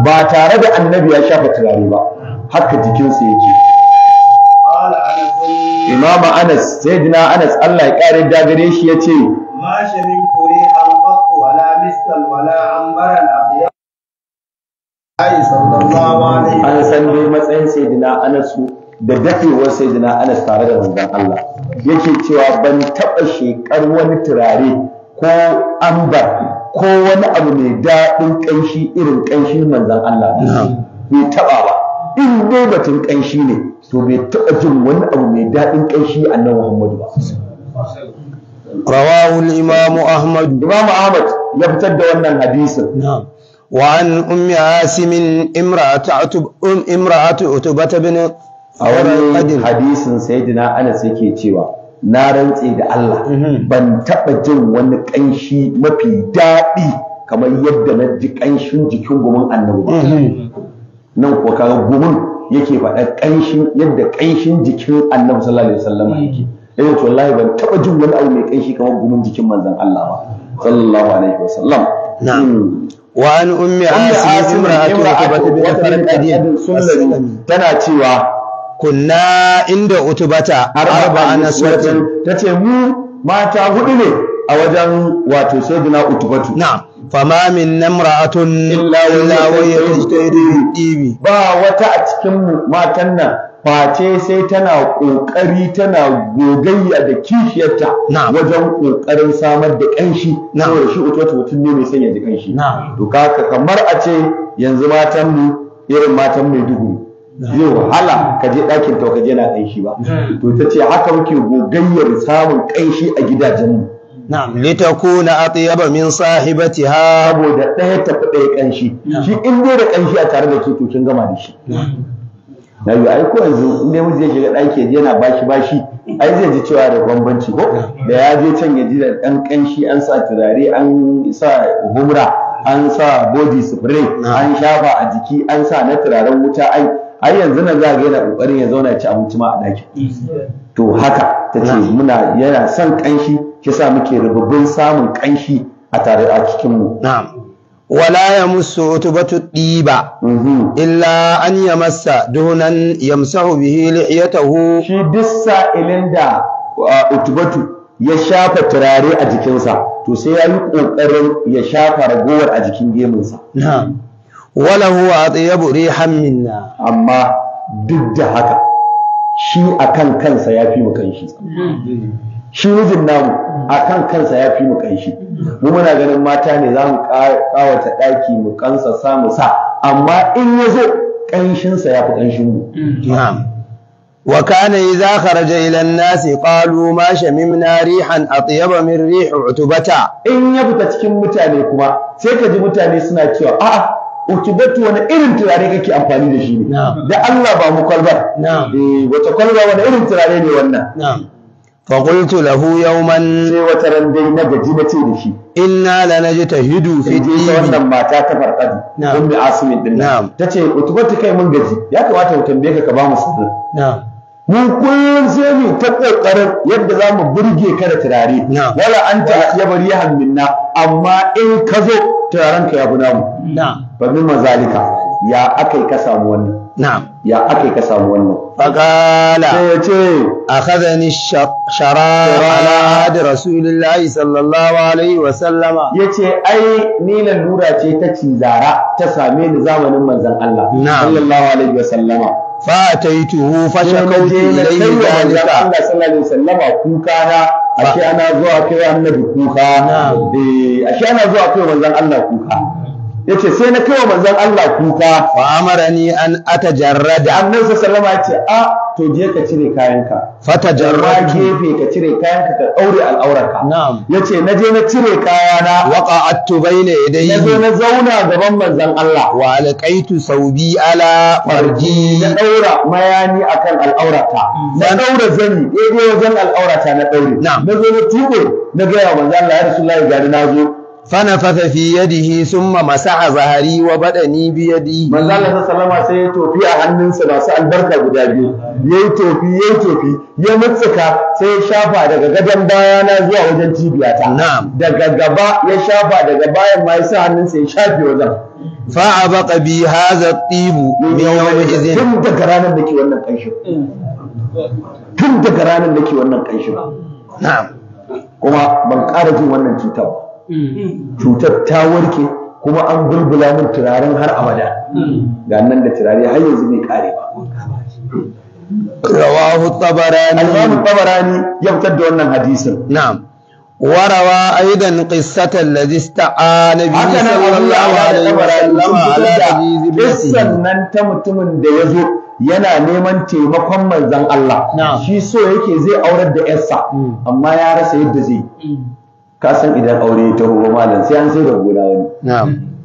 ba tare da annabi ya shafa turare ba haka jikinsa yake imama anas sayyidina anas Allah ya kare da gare shi ya ce. an wala misal wala ambaran abiya ai sallallahu alaihi an san dai matsayin sayyidina anas da dafewar sayyidina anas tare da manzon Allah yake cewa ban taɓa shekar wani turare ko ambar ko wani abu mai daɗin ƙanshi irin ƙanshin manzan Allah bai taɓa ba in dai batun ƙanshi ne to bai taɓa jin wani abu mai daɗin ƙanshi nan Muhammadu ba rawahu al-imamu ahmad imam ahmad ya fitar da wannan hadisin wa an ummi asimin imra'atu atub um imra'atu utubata bin awan hadisin sayyidina anas yake cewa na rantse da Allah mhm. ban taɓa jin wani ƙanshi mafi daɗi kamar yadda na ji ƙanshin jikin gumin annabi ba mhm. nan kuwa kaga gumin yake faɗa ƙanshin yadda ƙanshin jikin annabi sallallahu alaihi wasallam yake mhm. eh to wallahi ban taɓa jin wani abu mai ƙanshi kamar gumin jikin manzon Allah ba sallallahu alaihi wasallam na'am hmm. wa an ummi asim imra'atu ibn Abi Bakr tana cewa kunna inda utubata arba'a ta tace mu mata hudu ne a wajen wato sayyidina utubatu na'am fama min namra'atun illa wa yajtahidu dibi ba wata a cikin mu matan nan face sai tana kokari tana gogayya da kishiyarta wajen kokarin samar da kanshi saboda shi utubatu mutum ne mai sanya ji kanshi to kaka kamar a ce yanzu matan mu irin matan mai duhu zai wahala ka je ɗakin tauka ka je na ƙanshi ba hmm. to ta ce haka muke gogayyar samun ƙanshi a gidajenmu na'am litakuna atyaba min sahibatiha saboda ɗaya tafi ɗaya ƙanshi shi in dai da ƙanshi a tare da ke to gama da shi na yi ai ko yanzu in dai miji ya shiga ɗaki yana bashi bashi ai zai ji cewa da bambanci ko da ya je can ya ji da ɗan ƙanshi an sa turare an sa humra an sa body spray an shafa a jiki an sa na turaren wuta ai ai yanzu na za ga yana kokarin ya zauna ya ci abinci ma a ɗakin to haka ta ce muna yana son ƙanshi kisa muke rububin samun ƙanshi a tare a cikinmu. wala ya musu otubatu ɗiba mhm. illa an ya masa dunan yamsahu bihi taho. shi dissa ilin da utubatu ya shafa turare a jikinsa to sai ya yi ƙoƙarin ya shafa ragowar a jikin gemunsa wala huwa atyabu rihan minna amma duk da haka shi akan kansa ya fi mu kanshi shi mijin namu akan kansa ya fi mu kanshi mu muna ganin mata ne za mu kawata daki mu kansa sa mu sa amma in ya zo kanshinsa ya fi kanshin mu wa kana idza kharaja ila an-nasi qalu ma shamimna rihan atyaba min rihi utubata in ya fita cikin mutane kuma sai ka ji mutane suna cewa a'a ukibatu wani irin turare kake amfani da shi ne da Allah ba mu kwalbar eh wata kwalba wani irin turare ne wannan fa qultu lahu yawman sai wata ran na gaji na ce da shi na da inna la najtahidu fi dini wannan mata ta farkadi ummi asmin din ce ukibatu kai mun gaji ya kamata mu tambaye ka ka ba mu sirri mu kullum sai mu ta kokarin yadda za mu burge ka da turare wala an anta ya bari ya hamminna amma in ka zo ranka ya fi namu fa zalika ya yi ka samu wannan ya yi ka samu wannan faqala sai ya ce akhadhani sharara ala hadi rasulillahi sallallahu alaihi wa sallama yace ai ni lura ce ta cizara ta same ni zamanin manzon Allah sallallahu alaihi wa sallama fataituhu fashakautu ilayhi dalika Allah sallallahu alaihi wa sallama kuka na ake ana zuwa kai annabi kuka eh ashe ana zuwa kai manzon Allah kuka yace sai na kai wa manzon Allah kuka fa amarani an atajarrada annabi sallallahu alaihi wasallam a ah, to je ka cire kayanka fatajarrada gefe ka cire kayanka ka daure al'aurarka na'am yace na je na cire kayana waqa'attu baina yadayhi na zo na zauna gaban manzon Allah wa alqaitu saubi ala farji na daura mayani akan al'aurata na daura zani yayi wajen al'aurata na daure na zo na tube na ga manzon Allah ya rasulullahi gari na zo فنفث في yadihi ثم مسح zahari wa بيدي من الله صلى الله عليه sai ya tofi a hannunsa masu albarka guda biyu yayi tofi yayi tofi ya mutsuka sai ya shafa daga gadon baya na zuwa wajen cibiyata na'am daga gaba ya shafa daga bayan ma ya sa ya shafe wajen fa abaqa bi hadha at-tib min yawm izin tun daga ranar da ke wannan tun daga ranar da wannan na'am kuma ban ƙara jin wannan cutar ba cutar ta warke kuma an bulbula min turaren har abada ga nan da turare har yanzu bai kare ba rawahu tabarani al-imam tabarani ya fitar da wannan hadisin na'am وروى أيضا قصة الذي استعان به صلى الله عليه وسلم على عزيز بن قصة ننت متمن da yazo yana neman taimakon manzon Allah shi so yake zai aurar da yarsa hmm. amma ya rasa yadda zai hmm. ka idan aure ta taho malam sai an sai da gona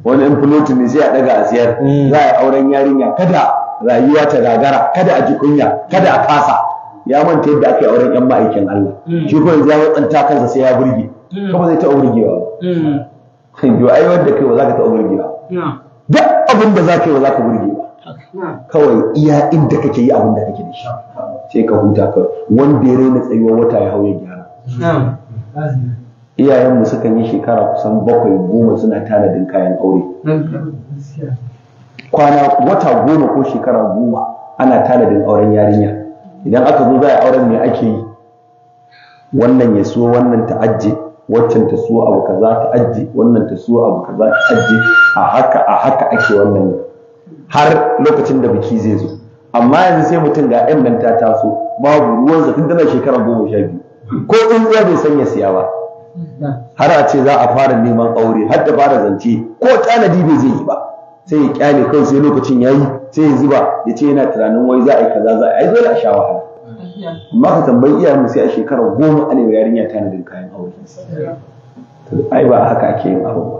wani wani in ne sai a daga a siyar mm. za a auren yarinya kada rayuwa ta gagara kada a ji kunya kada a kasa ya manta yadda ake auren yan ma'aikin Allah mm. shi ko yanzu ya watsanta kansa sai ya burge mm. kuma zai taɓa burgewa ba yi ai wanda kai ba za ka taɓa burgewa duk abin da za ka yi ba za ka burge kawai iya inda kake yi abin da kake da shi sai ka huta kawai wanda ya raina tsayuwar wata ya hau ya gyara iyayenmu sukan yi shekara kusan bakwai goma suna tanadin kayan aure kwana wata goma ko shekara goma ana tanadin auren yarinya idan aka zo za a auren mai ake yi wannan ya so wannan ta ajiye, waccan ta so abu kaza ta ajiye, wannan ta so abu kaza ta ajiye. a haka a haka ake wannan har lokacin da biki zai zo amma yanzu sai mutum ga 'yan nan ta taso babu ruwan zafin tana shekara goma sha biyu ko in zai bai sanya siya ba har a ce za a fara neman aure har ta fara zance ko tanadi bai zai yi ba sai ya kyale kai sai lokacin ya yi sai ya zuba ya ce yana tunanin wai za a yi kaza za a yi dole a sha wahala amma ka tambayi iyayen sai a shekara goma ana yi yarinya tanadin kayan aure to ai ba haka ake yin abu ba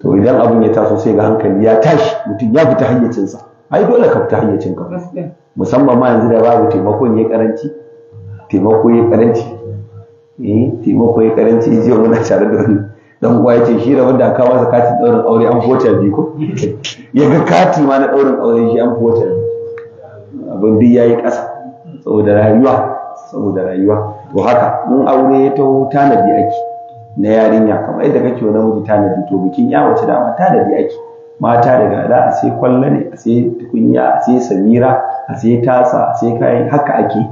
to idan abun ya taso sai ga hankali ya tashi mutum ya fita hayyacinsa ai dole ka fita hayyacinka musamman ma yanzu da babu taimakon ya karanci taimako ya karanci eh taimako ya karanci jiya muna tare da dan uwa yace shi da wanda aka masa katin daurin aure an fota bi ko ya ga kati ma na daurin aure shi an fota biyu abin duk yayi ƙasa saboda rayuwa saboda rayuwa to haka mun aure ya taho tanadi ake na yarinya kamar yadda kake wani namiji tanadi to bikin ya wace dama tanadi ake mata daga da a sai kwallo ne a sai tukunya a sai samira a sai tasa a sai kayan haka ake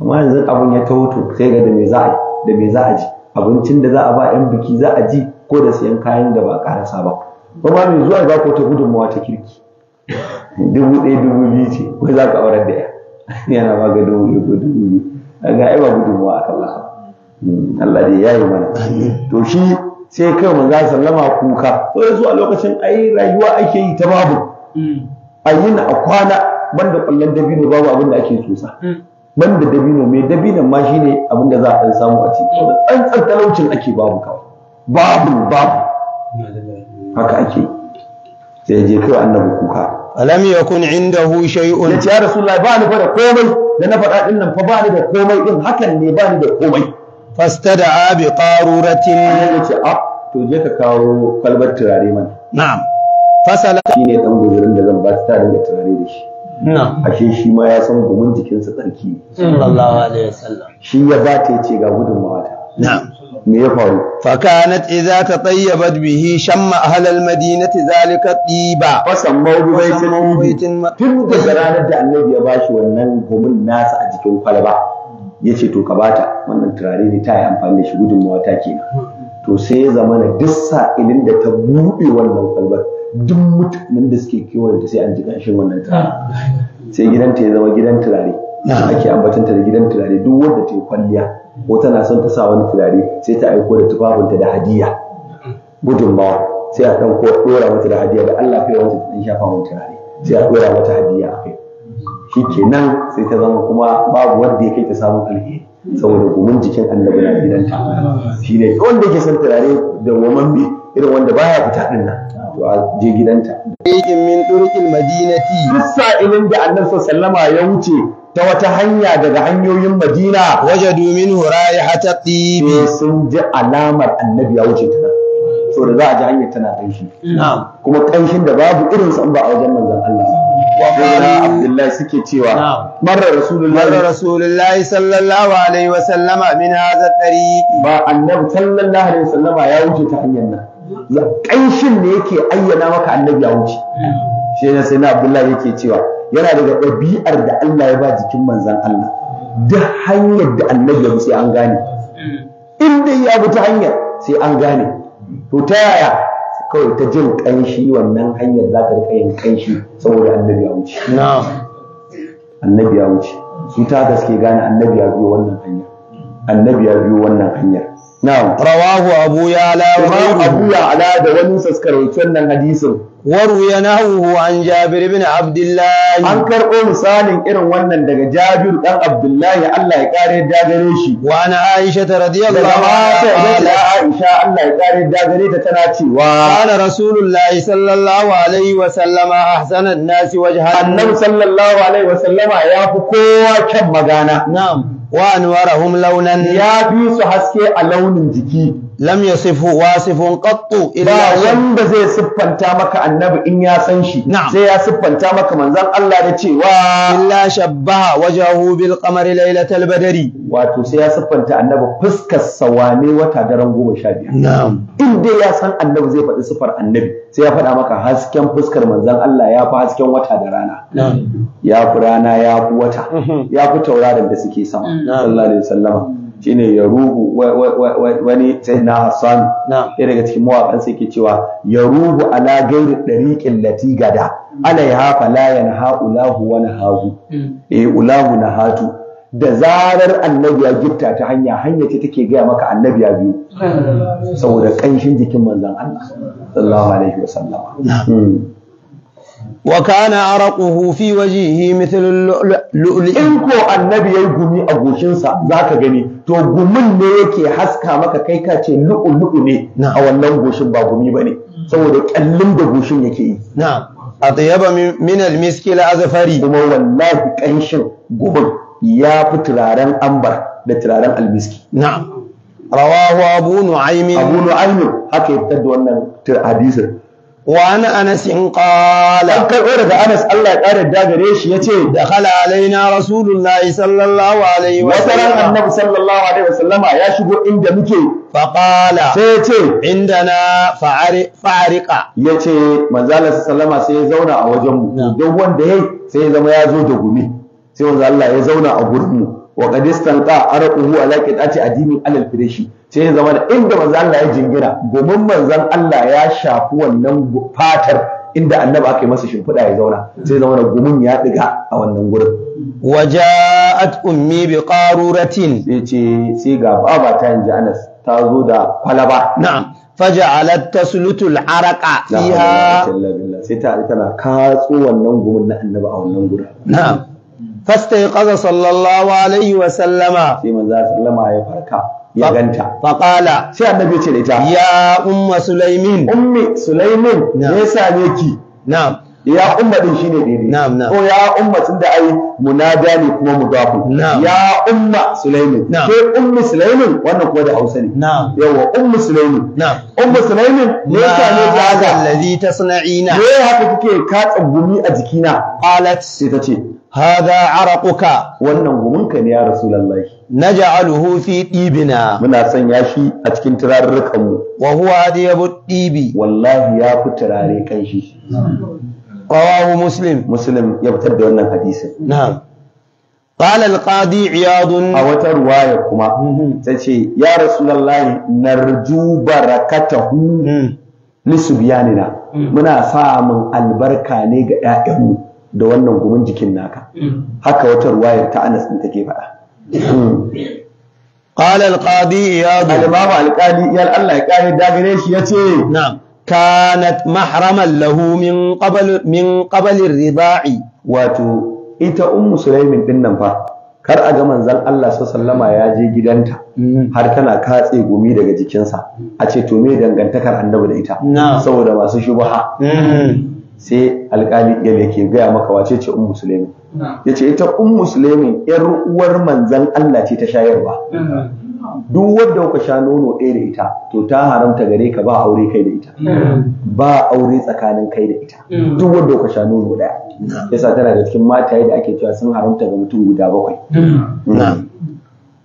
amma yanzu abun ya taho to sai ga da me za a yi da me za a ji abincin da za a ba 'yan biki za a ji ko da siyan kayan da ba a karasa ba kuma mai zuwa za ku ta gudunmawa ta kirki dubu ɗaya dubu biyu ce ko za ka aurar da ya yana ba ga dubu ɗaya dubu biyu ga ai ba gudunmawa a kan hmm, Allah dai ya yi mana to shi sai kai mu za sallama kuka Ko yanzu a lokacin ai rayuwa ake yi ta babu hmm. a na a kwana banda kwallon dabino babu abin da ake tusa hmm. ban da dabino mai dabinan ma shine abin da za a ɗan samu a ciki tsantsan talaucin ake babu kawai babu babu haka ake sai je kai annabi kuka alam yakun indahu shay'un ya rasulullahi ba ni fa da komai da na faɗa din nan fa ba ni da komai din hakan ne ba ni da komai fastada'a bi qaruratin yace a ah, to je ka kawo kalbar turare mana na'am fasala shine dan guzurin da zan ba ta da turare da shi ashe shi ma ya san gumin jikinsa tsarki sallallahu alaihi wasallam shi ya ba ta yace ga gudunmawa ta me ya faru fakanat idza tatayyabat bihi shan mahalar madinati zalika tiba fasan ma. tun da ranar da annabi ya bashi wannan gumin nasa a jikin kwalba yace to ka bata wannan turare ne ta yi amfani da shi gudunmawa ta kenan hmm. to sai ya zama na duk ilin da ta buɗe wannan kwalbar duk mutanen da suke kewaye sai an ji ƙanshin wannan turare. Ah, sai gidanta ya zama gidan turare ah. ake ambatanta da gidan turare duk wanda ta yi kwalliya ko tana son ta sa wani turare sai ta aiko da tufafinta da hadiya gudunmawa sai a ɗan ɗora mata da hadiya da Allah kai wanda ta ɗan shafa mun turare sai a ɗora mata hadiya a kai shi kenan sai ta zama kuma babu wanda ya kai ta samun alheri saboda gumin jikin annabi na gidanta ah. shi ne wanda yake son turare da wamanmi irin wanda baya fita din nan to a je gidanta in min turqil madinati duk sa'ilin da annabi sallama ya wuce ta wata hanya daga hanyoyin madina Waje wajadu minhu hata tibi sun ji alamar annabi ya wuce ta nan da za a ji hanyar tana ƙanshi kuma ƙanshin da babu irin sa ba a wajen manzon Allah wa Abdullahi suke cewa marar rasulullahi marar rasulullahi sallallahu alaihi wa sallama min hadha tariq ba annabi sallallahu alaihi wa sallama ya wuce ta hanyar nan ya ƙanshin ne yake ayyana maka annabi ya wuce shi ne sai na abdullahi yake cewa yana daga ɗabi'ar da Allah ya ba jikin manzan Allah duk hanyar da annabi ya sai an gane in dai ya bi ta hanyar sai an gane to ta yaya kawai ta jin ƙanshi wannan hanyar za ta rika yin ƙanshi saboda annabi ya wuce annabi ya wuce su ta gaske gane annabi ya biyo wannan hanya annabi ya biyo wannan hanyar rawahu abu ya'la wa abu ya'la da wani saskarauci wannan hadisin waruya nahuhu an jabir ibn abdullahi an karɓo misalin irin wannan daga jabir dan abdullahi Allah ya kare da gare shi wa ana aisha radiyallahu anha aisha Allah ya ƙare da gare ta tana cewa kana rasulullahi sallallahu alaihi wa sallama ahsana an-nasi wajhan annabi sallallahu alaihi wa sallama ya fi kowa kyan magana na'am wa anwarahum launan ya fi su haske a launin jiki lam yasifu wasifun qattu illa ba wanda zai siffanta maka annabi in ya san shi sai ya siffanta maka manzon Allah da cewa illa shabbaha wajahu bil qamari laylatal badri wato sai ya siffanta annabi fuskar sawane wata daren goma sha biyar na'am in dai ya san annabi zai faɗi siffar annabi sai ya faɗa maka hasken fuskar manzon Allah ya fi hasken wata da rana ya fi rana ya fi wata mhm. ya fi tauraron da suke sama sallallahu alaihi wasallam shine ya ruhu wani sai na Hassan ɗaya daga cikin mawaƙan sai ke cewa ya ruhu ala gairi ɗariƙin lati gada Ala alaiha falayan ha ulahu wani hagu mm. eh ulahu na hatu da zarar annabi ya gifta ta hanya hanya ce take gaya maka annabi ya biyu saboda ƙanshin jikin manzon Allah وكان عرقه في وجهه مثل اللؤلؤ in ko النبي yayi gumi a goshinsa zaka gani to gumin ne yake haska maka kai ka ce lu'lu'u ne a wannan goshin ba gumi bane saboda kallin da goshin yake yi na'am atyaba min al-miski azfari kuma wallahi kanshin gumin ya fi turaren ambar da turaren almiski na'am rawahu abu nu'aymin abu nu'aymin haka ya da wannan hadisin وعن انس قال قال اور ده Allah الله يقار يدا gare shi yace dakhala alaina rasulullah sallallahu alaihi wasallam wa annabi sallallahu alaihi wasallam ya shigo inda muke fa qala sai yace indana fa'ari fa'riqa yace manzo Allah sallallahu sai ya zauna a wajen mu duk wanda yayi sai ya zama ya zo da gumi sai manzo Allah ya zauna a gurin wa qadistan qa arquhu ala qitati adimin alal firashi sai ya zama da inda manzan Allah ya jingira gomin manzan Allah ya shafi wannan fatar inda annabi aka yi masa shimfiɗa ya zauna sai zama da gumin ya ɗiga a wannan gurin waja'at ummi bi qaruratin sai sai ga baba ta inji Anas ta zo da kwalaba na'am faja'alat taslutul araqa fiha sai ta tana katso wannan gumin na annabi a wannan gurin na'am فاستيقظ صلى الله عليه وسلم في من ذا سلم يا ya يا غنتا فقال سي النبي ce da ita ya umma sulaimin ummi sulaimin me yasa ne ki na'am ya umma din shine daidai na'am na'am ko ya umma tunda ai da ne kuma mu ga mudafu ya umma sulaimin ke ummi sulaimin wannan kuma da Hausa ne na'am yawa ummi sulaimin na'am ummi sulaimin me yasa ne kaza allazi tasna'ina me haka kike ka tsugumi a jikina qalat sai ta ce hada araquka wannan gumunka ne ya rasulullahi naj'aluhu fi dibina muna sanya shi a cikin turarrukan mu wa huwa hadiyabu dibi wallahi ya fi turare kan shi rawahu muslim muslim ya fitar da wannan hadisin na'am قال القاضي عياض أو رواية كما تشي يا رسول الله نرجو بركته لسبياننا منا سامن البركة نيجا يا إمو da wannan gumin jikin naka mm. haka wata ruwayar ta Anas din take faɗa قال القاضي يا الإمام القاضي يا الله القاضي داغريش يتي نعم كانت محرما له من قبل من قبل الرضاع Wato ita ummu sulaimin din nan fa kar a ga manzon Allah sallama ya je gidanta mm. har tana katse gumi daga jikinsa a ce to me dangantakar annabi da ita saboda masu shubha mm. sai alƙali ya ne ke gaya maka wace ce un musulmi ya ce ita un musulmi yar uwar manzan Allah ce ta shayarwa duk wadda kuka sha nono ɗaya da ita to ta haramta gare ka ba aure kai da ita ba aure tsakanin kai da ita duk wadda kuka sha nono ɗaya yasa tana da cikin mataye da ake cewa sun haramta ga mutum guda bakwai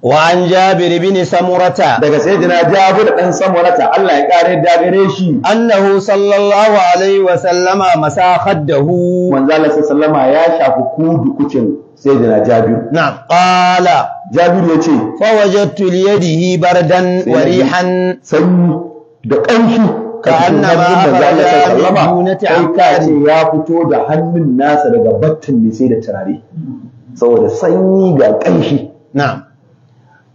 وعن جابر بن سمرة daga sayyidina Jabir dan Samurata Allah ya kare da gare shi annahu sallallahu alaihi wa sallama masa khaddahu manzo Allah sallama ya shafi kudu kucin sayyidina Jabir na'am qala Jabir yace fa wajadtu li bardan wa sanyi da kanshi ka'annama manzo Allah sallama ya fito da hannun nasa daga battin mai sai saboda sanyi ga kanshi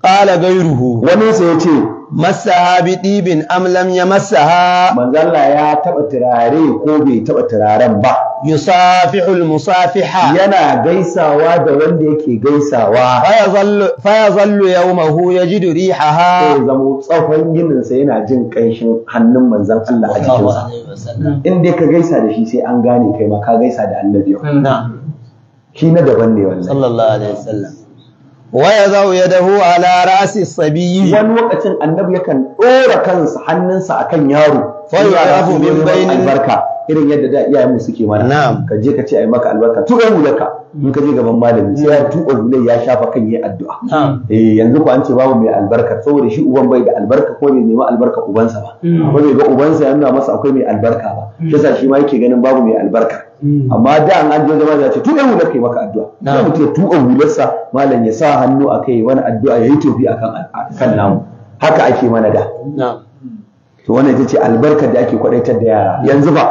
Ƙala gairuhu. Wani sai ya ce. Masaha bi ɗibin amlam ya masaha. Manzalla ya taɓa turare ko bai taɓa turaren ba. Yusafihul musafiha. Yana gaisawa da wanda yake gaisawa. Faya zallu yau mahu ya ji duri haha. Sai zamo tsawon yininsa yana jin ƙanshin hannun manzan Allah a jikinsa. In dai ka gaisa da sai an gane kai ma ka gaisa da annabi. Hmm. na daban ne wannan. Sallallahu alaihi waya za ya dahu a rasi sabiyi wani lokacin annabi yakan ɗora kansa hannunsa a kan yaro fa rafu min albarka irin yadda da iyayen mu suke mana na'am ka je ka ce yi maka albarka tuka hularka in ka je gaban malami sai ya tuka hular ya shafa kan yayi addu'a eh, yanzu ko an ce babu mai albarka saboda shi uban bai da albarka ko bai nema albarka ubansa ba ko hmm. bai ga ubansa ya nuna masa akwai mai albarka ba hmm. yasa shi ma yake ganin babu mai albarka Hmm. amma da an an zama da ce tuɗe hular kai maka addu'a sai mutum ya tuɓa hularsa malam ya sa hannu a kai wani addu'a ya yi tofi a kan namu haka ake mana da to wannan ita ce albarkar da ake kwadaitar da yara yanzu ba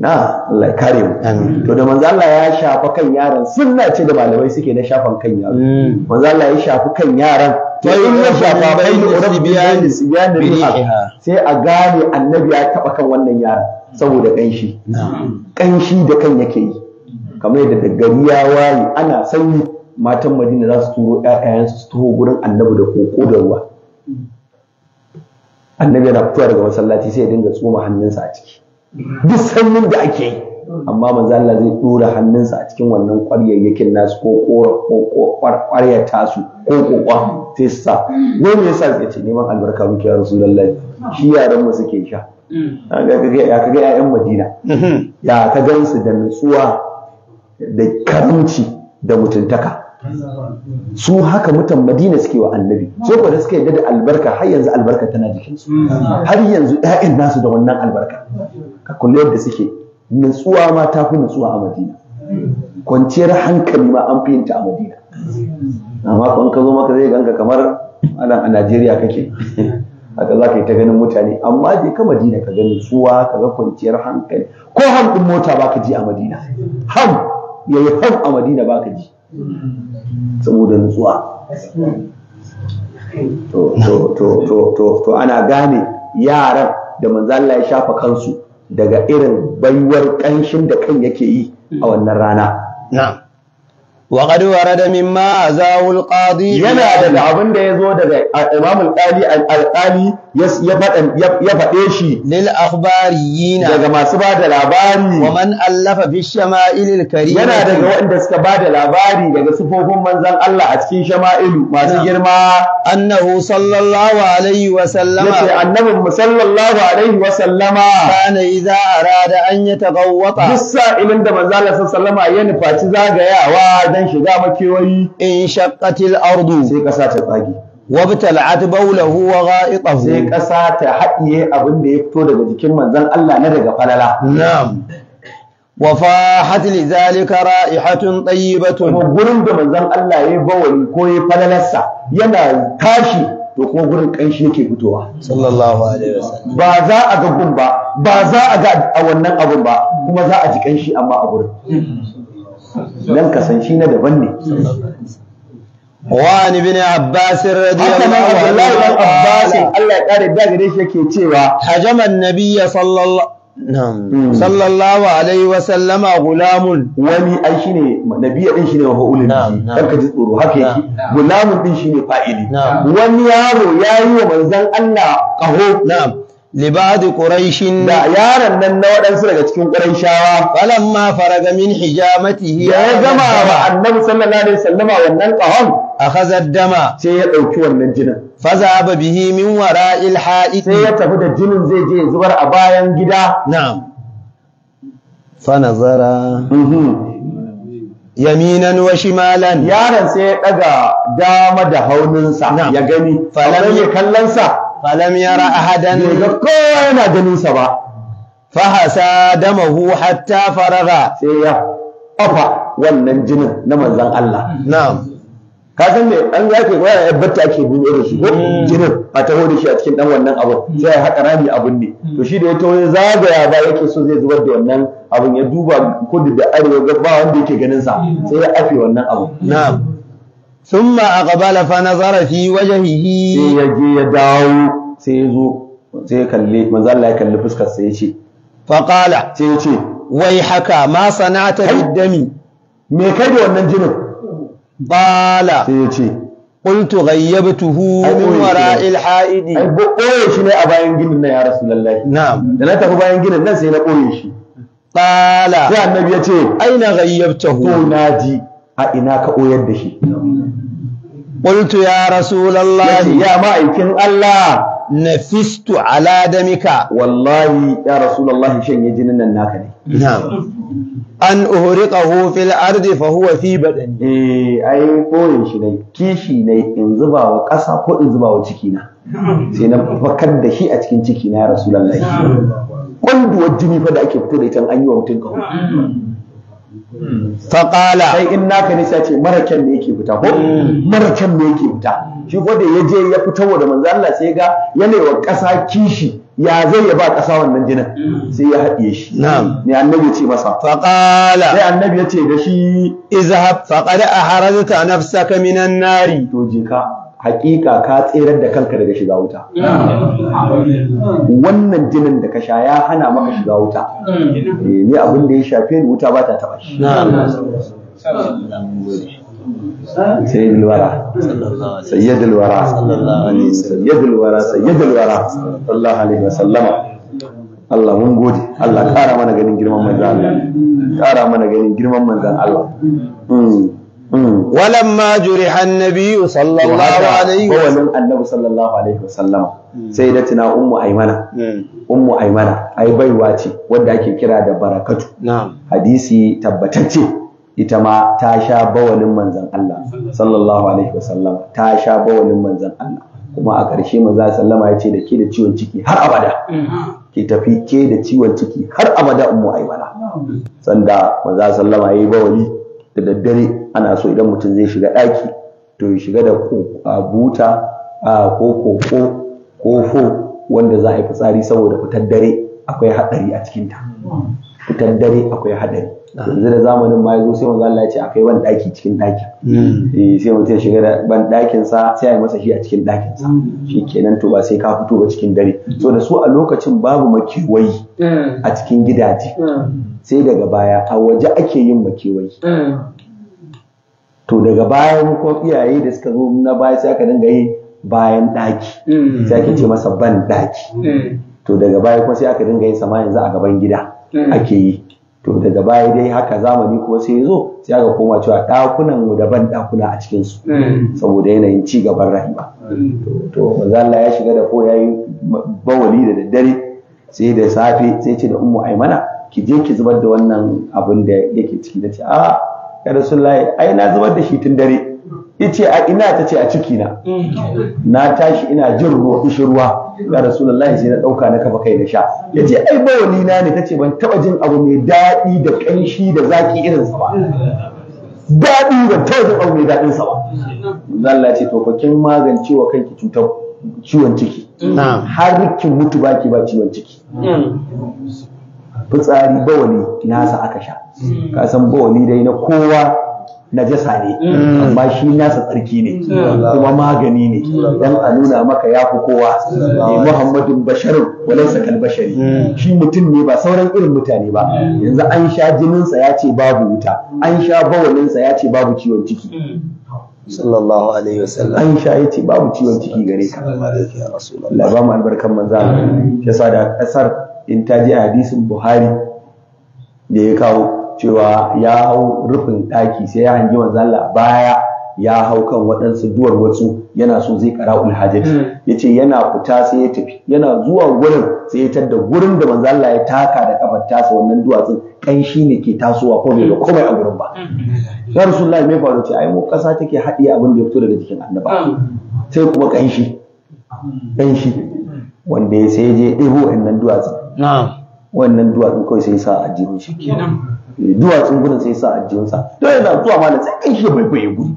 na Allah kare mu to da manzo Allah ya shafa kan yaran sunna ce da malamai suke na shafan kan yaran hmm. manzo Allah ya shafi kan yaran to in ya shafa bai da sibiyan sai a gane annabi ya taba kan wannan yaran saboda ƙanshi ƙanshi da kan yake yi kamar yadda gari ya waye ana sanyi matan madina za su turo ƴaƴayensu su taho gurin annabi da koko da ruwa annabi yana fitowa daga masallaci sai ya dinga tsoma hannunsa a ciki duk sanyin da ake yi amma manzo Allah zai dora hannunsa a cikin wannan ƙwaryayyakin nasu ko ƙora ko ƙwaryar tasu ko kokwa sai sa ne ya yasa ya ce neman albarka muke ya lallai shi yaran mu suke sha ya kaga ‘ya'yan madina mhm. ya ka gansu da nutsuwa da karamci da mutuntaka su haka mutan madina suke wa annabi so ko da suka yadda da albarka har yanzu albarka tana jikinsu mhm. har yanzu ‘ya'yan nasu da wannan albarka ka kulle yadda suke nutsuwa ma ta fi nutsuwa a madina kwanciyar hankali ma an fi yinta a madina mhm. amma kan ka zo maka zai ganka kamar a Najeriya kake haka za ka yi ta ganin mutane amma je ka madina ka gani suwa ka ga kwanciyar hankali ko ham ɗin mota ba ka ji a madina ham ya yi ham a madina ba ka ji saboda nutsuwa to ana gane yaran da Manzalla ya shafa kansu daga irin baiwar kanshin da kan yake yi a wannan rana wa qad warada mimma azahu al-qadi yana daga abin da yazo daga Imam al-Qali al-Qali ya faɗa ya faɗe shi lil akhbariyina daga masu bada da labari wa man allafa fi shama'il al-karim yana daga waɗanda suka ba da labari daga sifofin manzan Allah a cikin shama'ilu masu girma annahu sallallahu alaihi wa sallama yace annabin mu sallallahu alaihi wa sallama kana idza arada an yatagawwata duk sa'ilin da manzon Allah sallallahu alaihi wa sallama ya nufaci zagayawa bayan shiga makewayi in shaqqatil ardu sai kasa ta tsage wabtal'at bawlahu wa gha'itahu sai kasa ta haɗiye abin da ya fito daga jikin manzon Allah na daga falala na'am wa fahat li zalika ra'ihatun tayyibatun gurin da manzon Allah ya bawali ko ya falalarsa yana tashi to kuma gurin ƙanshi yake fitowa sallallahu alaihi wasallam ba za a ga gun ba ba za a ga a wannan abun ba kuma za a ji ƙanshi amma a gurin hmm. nan kasance na daban ne وعن ابن عباس رضي الله عنه الله بن عباس الله يقال da gare shi yake cewa hajama annabi sallallahu alaihi wa sallama gulamun wani ai shine nabi din shine wa ulul karka ji tsoro haka yake gulamun din shine fa'ili wani yaro yayi wa manzon Allah qaho libadi quraishin da yaron nan na waɗansu daga cikin quraishawa falamma faraga min hijamatihi ya gama wa annabi sallallahu alaihi wasallama wannan qahon akhadha dama sai ya dauki wannan jinin ba bihi min wara'il ha'it sai ya tafi da jinin zai je zubar a bayan gida na'am fa nazara mhm. yaminan wa shimalan yaron sai ya daga dama da hauninsa ya gani falan ya kallansa falam yara ahadan bai ga kowa yana ganin sa ba fahasa damahu hatta faraga sai ya kafa wannan jinin na manzon Allah na'am ka san me an ga ke waya ya batta ake buɗe da shi mm. jinin a taho da shi a cikin dan wannan abu mm. sai ya haƙa rami abun ne mm. to shi da ya taho zagaya ba yake so zai zubar da wannan abun ya duba kudu da arewa ba wanda yake ganin sa sai ya afe wannan abu na'am thumma aqbala fa zarafi fi wajhihi sai ya je ya dawo sai ya zo sai ya kalle manzo Allah kalli fuskar sa ya ce fa sai ya ce wai haka ma sana'ata biddami me kai wannan jinin qala sai ya ce qultu ghayyabtuhu min wara'il ha'idi ai ne a bayan ginin ya na bayan ginin nan sai na boye shi sai ce aina a ina ka koyar da shi qultu ya rasulullah ya ma'aikin Allah nafistu ala damika wallahi ya rasulullah shanye jinin nan naka ne na'am an uhriqahu fil ardi fa huwa fi badani eh ai koyin shi ne kishi ne in zuba wa ƙasa ko in zuba wa ciki na sai na fakar da shi a cikin ciki na ya rasulullahi ƙunduwar jini fa da ake fito da ita an yi wa mutum kawo faƙala sai in naka ne sai ce mara kyan ne yake fita ko hmm. mara kyan ne yake fita shi ko da ya je ya fito wa da manzo Allah sai ga wa ƙasa kishi ya zai ya ba ƙasa wannan jinin hmm. sai ya haɗiye shi na'am ne annabi ce masa Faƙala. sai annabi ya ce da shi izhab faqad na nafsaka minan nari to je ka hakika ka tsere da kanka daga shiga wuta wannan jinin da ka sha ya hana maka shiga wuta eh, ni abin da ya shafe ni wuta ba ta taba shi سيد الورى سيد الورى سيد الورى سيد الورى صلى الله Allah mun gode Allah ƙara mana ganin girman manzan Allah ƙara mana ganin girman manzan Allah hmm. Hmm. walamma juriha annabi sallallahu alaihi wa sallam annabi hmm. sallallahu alaihi wa sallama sai da tuna ummu aymana hmm. ummu aymana ai baiwa ce wanda ake kira da barakatu hadisi tabbatacce ita ma ta sha bawalin manzon Allah sallallahu alaihi wa sallama ta sha bawalin manzon Allah kuma a ƙarshe maza sallama ya ce da ke da ciwon ciki har abada ke tafi ke da ciwon ciki har abada ummu aimana sanda maza sallama ya yi bawali da daddare ana so idan mutum zai shiga ɗaki to ya shiga da buta ko koko ko fo wanda za a yi fitsari saboda fitar dare akwai haɗari a cikinta fitar dare akwai haɗari yanzu da zamanin ma ya zo sai manzo Allah ya ce akai ban daki cikin daki hmm. eh, sai mutum ya shiga da ban dakin sa sai ya masa shi a cikin dakin sa hmm. shikenan to ba sai ka fito ba cikin dare so da su a lokacin babu makewayi hmm. a cikin gidaje sai daga baya a waje ake yin makewayi to daga bayan ko iyaye da suka zo na baya sai aka dinga yi bayan daki mm. sai ake ce masa ban ɗaki mm. to daga baya kuma sai aka dinga yin sama yanzu a gaban gida mm. ake yi to daga baya dai haka zamani kuma sai ya zo sai aka koma cewa ɗakunan mu daban ɗakuna a cikin su saboda yanayin ci gaban rayuwa to manzo Allah ya shiga da ko yayi bawali da daddare sai da safe sai ce da ummu aimana ki je ki zubar da wannan abin da yake ciki da ce a ya rasulullahi ai na zubar da shi tun dare yace a ina ta ce a ciki na na tashi ina jin ruwa kishin ruwa ya rasulullahi sai na dauka na kafa kai na sha yace ai wani na ne tace ban taba jin abu mai daɗi da kanshi da zaki irin sa ba daɗi ban taba jin abu mai dadin sa ba Allah ce to kin magance wa kanki cutar ciwon ciki har kin mutu baki ba ciwon ciki hmm. fitsari bawali nasa aka sha hmm. ka san bawali dai na kowa na jasa ne hmm. amma shi nasa tsarki ne hmm. kuma magani ne dan a nuna maka ya fi kowa ne eh, muhammadin basharun walaysa kal bashari shi mutum ne ba sauran irin mutane ba yanzu an sha jininsa ya ce babu wuta an sha bawalinsa ya ce babu ciwon ciki sallallahu alaihi wasallam an sha yace babu ciwon ciki gare ka Allah ba mu albarkan manzo ya yasa da kasar in ta ji hadisin buhari da ya kawo cewa ya hau rufin ɗaki sai ya hangi manzo Allah baya ya hau kan waɗansu duwar wasu yana so zai ƙara ulhajati hmm. ya ce yana fita sai ya tafi yana zuwa gurin sai ya tadda wurin da manzo Allah ya taka da kafar tasa wannan duwatsun ƙanshi ne ke tasowa ko bai a gurin ba hmm. ya rasulullahi mai faru ce ai mu ƙasa take haɗiye abin da ya fito daga jikin annaba hmm. sai kuma ƙanshi ƙanshi wanda ya sai je ɗebo wannan duwatsun wannan duwatsun kawai sai sa a jihun shi eh, duwatsun gudun sai sa a sa. don yana zuwa da sai kanshi ya baibaye guri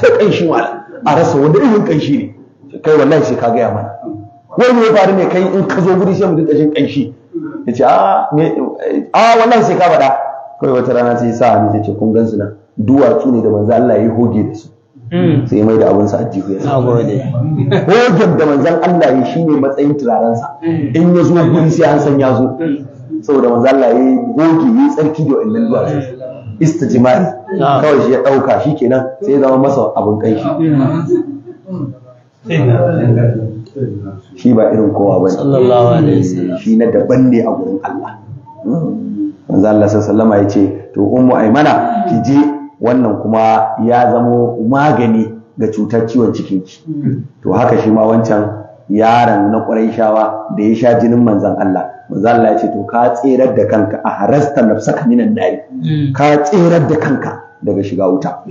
sai kanshi ma a rasa wanda irin kanshi ne kai wannan shi ka gaya mana wani ya faru ne kai in ka zo guri sai mu dinga jin kanshi ya ce a ah, eh, ah, wannan sai ka faɗa kawai wata rana sai sa a ta ce kun gansu nan duwatsu ne da manzo Allah ya hoge da su Hmm. sai mai da abinsa a jihu ya sa hoton da manzan Allah ya shi ne matsayin turarensa hmm. in ya zo guri sai an san ya zo hmm. saboda manzan Allah ya goge ya tsarki da su. Ista jima'i kawai shi ya ɗauka shi kenan sai ya zama masa abin kai shi ba irin kowa ba ne shi na daban ne a gurin Allah manzo Allah sallama ya ce to umu aimana ki je wannan kuma ya zamo magani ga cutar ciwon cikin ki to haka shi ma wancan yaron na ƙwarai shawa da ya sha jinin manzan Allah manzan Allah ya ce to ka tserar da kanka a harasta nafsaka minan nari mm. ka tserar da kanka daga shiga wuta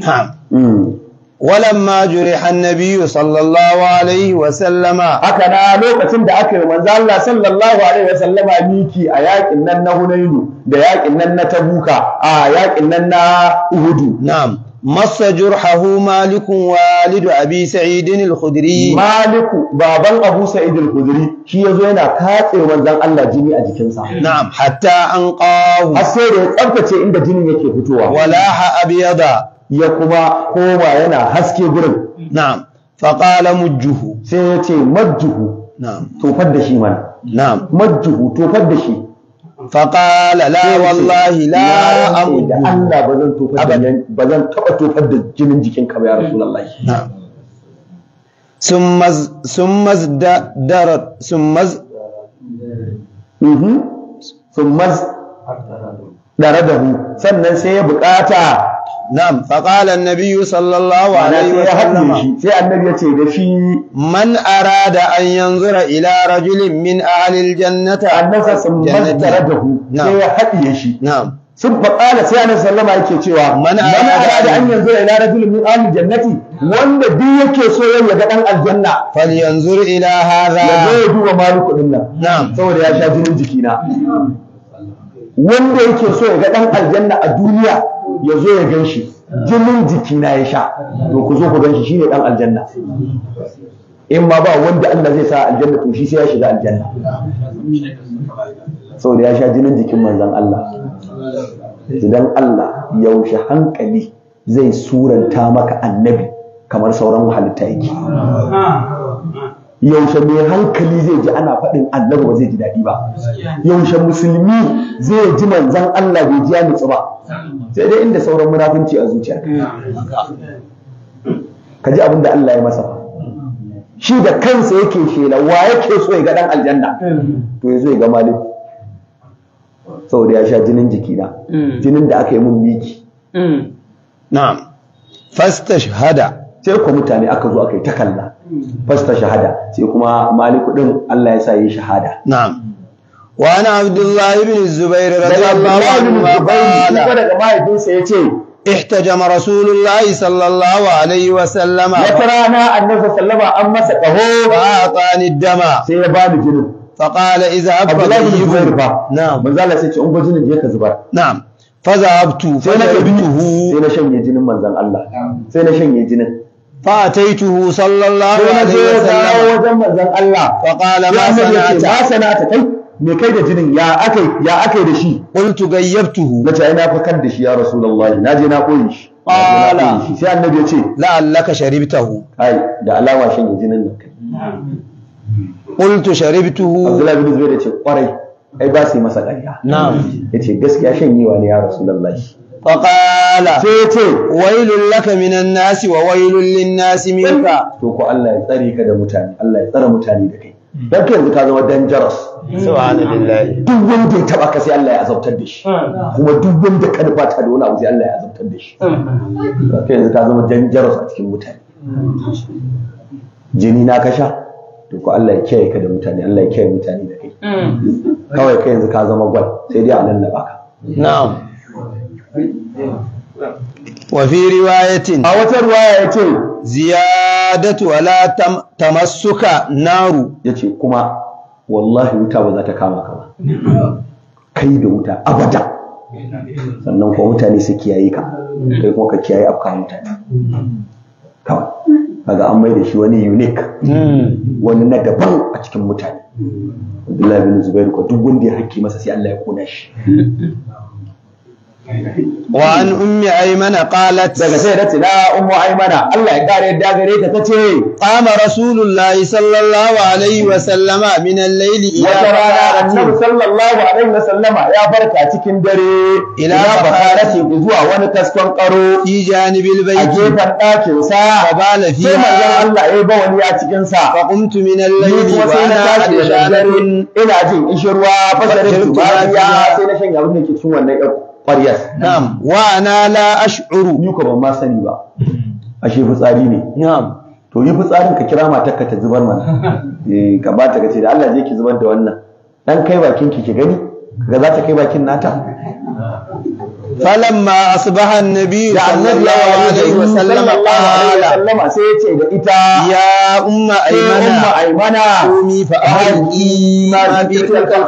walamma juriha annabiyyu sallallahu alaihi wa sallama haka na lokacin da aka yi manzo Allah sallallahu alaihi wa sallama miki a yakin nan na Hunainu da yakin nan na Tabuka a yakin nan na Uhudu na'am masa jurhahu malikun walidu abi sa'idin al-khudri maliku baban abu sa'id al-khudri shi yazo yana katse manzon Allah jini a jikinsa na'am hatta an qahu har sai da ya tsaftace inda jinin yake fitowa walaha abyada ya kuma koma yana haske gurin na'am faƙala mujuhu sai ya ce majjuhu tofar da shi mana Na'am. majjuhu tofar da shi faƙala la wallahi la amu da Allah ba zan tofar da bazan taba taɓa tofar da jinin jikin ka ya rasulullahi Na'am. summaz summaz da darar summaz mhm summaz daradahu da sannan sai ya buƙata Na'am, faƙalan nabiyu sallallahu alaihi wa sallam. Sai annabi ya ce da shi. Man arada an yanzura ila rajulin min ahlil jannata. Annasa sun mastara da hu. Sai ya shi. Na'am. Sun faƙala sai annabi sallama yake cewa. Man arada an yanzura ila rajulin min ahlil jannati. Wanda duk yake so yau ya ga ɗan aljanna. Fal yanzur ila hadha. Ya zo ya duba maluku ɗin nan. Na'am. Saboda ya sha jinin jikina. Wanda yake so ya ga ɗan aljanna a duniya. ya zo ya gan shi jinin jikina ya sha to ku zo ku gan shi shine dan aljanna in ma ba wanda Allah zai sa aljanna to shi sai ya shiga aljanna saboda ya sha jinin jikin manzan Allah idan Allah yaushe hankali zai suranta maka annabi kamar sauran halitta yake yaushe mai hankali zai ji ana faɗin annabi ba zai ji daɗi ba yaushe musulmi zai ji manzan Allah bai ji ya nutsu ba sai dai inda sauran munafunci a zuciya ka ji abin da Allah ya masa shi da kansa yake shela wa yake so ya ga dan aljanna to ya ya ga malik saboda ya sha jinin jikina jinin da aka yi mun miki na'am fastashhada sai mutane aka zo aka yi takalla. fasta shahada sai kuma maliku din Allah ya sa yi shahada na'am wa ana abdullah ibn zubair radiyallahu anhu rasulullahi sallallahu alaihi wa sallama ya tara na annabi sallama an masa qaho wa atani dama sai bani jinin فقال نعم منزل سيتي ان بجن سينا شن يجنن منزل الله سينا شن يجنن فأتيته صلى الله عليه وسلم الله فقال ما صنعت ما صنعت كي me kai da jinin ya akai ya akai da shi qultu gayyabtuhu nace ina na fakar da shi ya rasulullahi naje na koyi shi qala sai annabi ya ce la'allaka sharibtahu ai da alama shin jinin nan qultu sharibtuhu abdullahi bin zubair ya ce kwarai ai ba sai masa ƙarya na'am yace gaskiya shan yiwa ne ya rasulullahi faqala ta'ala sai ce wailul laka minan nasi wa wailul lin nasi minka to ko Allah ya tsare ka da mutane Allah ya tsare mutane da kai dan kai yanzu ka zama dangerous subhanallahi duk wanda ya taba ka sai Allah ya azabtar da shi kuma duk wanda ka nufa ta da wani abu sai Allah ya azabtar da shi kai yanzu ka zama dangerous a cikin mutane jini na kasha to ko Allah ya kiyaye ka da mutane Allah ya kiyaye mutane da kai kawai kai yanzu ka zama gwal sai dai a lallaba ka na'am wa fi riwayatin a wata riwaya yace ziyadatu wala tamassuka naru yace kuma wallahi wuta ba za ta kama ka ba kai da wuta abada sannan kuma mutane su kiyaye ka kai kuma ka kiyaye afka mutane kawai kaga an mai da shi wani unique hmm. wani na daban a cikin mutane Abdullahi bin Zubair ko duk wanda ya hakki masa sai Allah ya kona shi wa an ummi aymana qalat daga sai da tida ummu aymana Allah ya kare da gare ta tace qama rasulullahi sallallahu alaihi wa sallama min al-layli ila rana annabi sallallahu alaihi wa sallama ya farka cikin dare ila bakarati zuwa wani kaskon karo fi janibil bayt a gefen dakin sa fa bala fi sai Allah ya ba wani ya cikin sa fa qumtu min al-layli wa ana adjarin ina jin ishirwa fa sharifu ba ya sai na shan abin da cikin wannan na'am wa na la ash'uru ni ko ban ma ba ashe fitsari ne na'am to yi fitsarin ka kira ka ta zubar mana eh, ka bata ka ce da Allah je ki zubar da wannan dan kai bakin ki ki gani za ta kai bakin nata falamma asbaha annabi sallallahu alaihi qala sai ya ce da ita ya umma aymana umma aymana umi fa ahli ma bi tilka al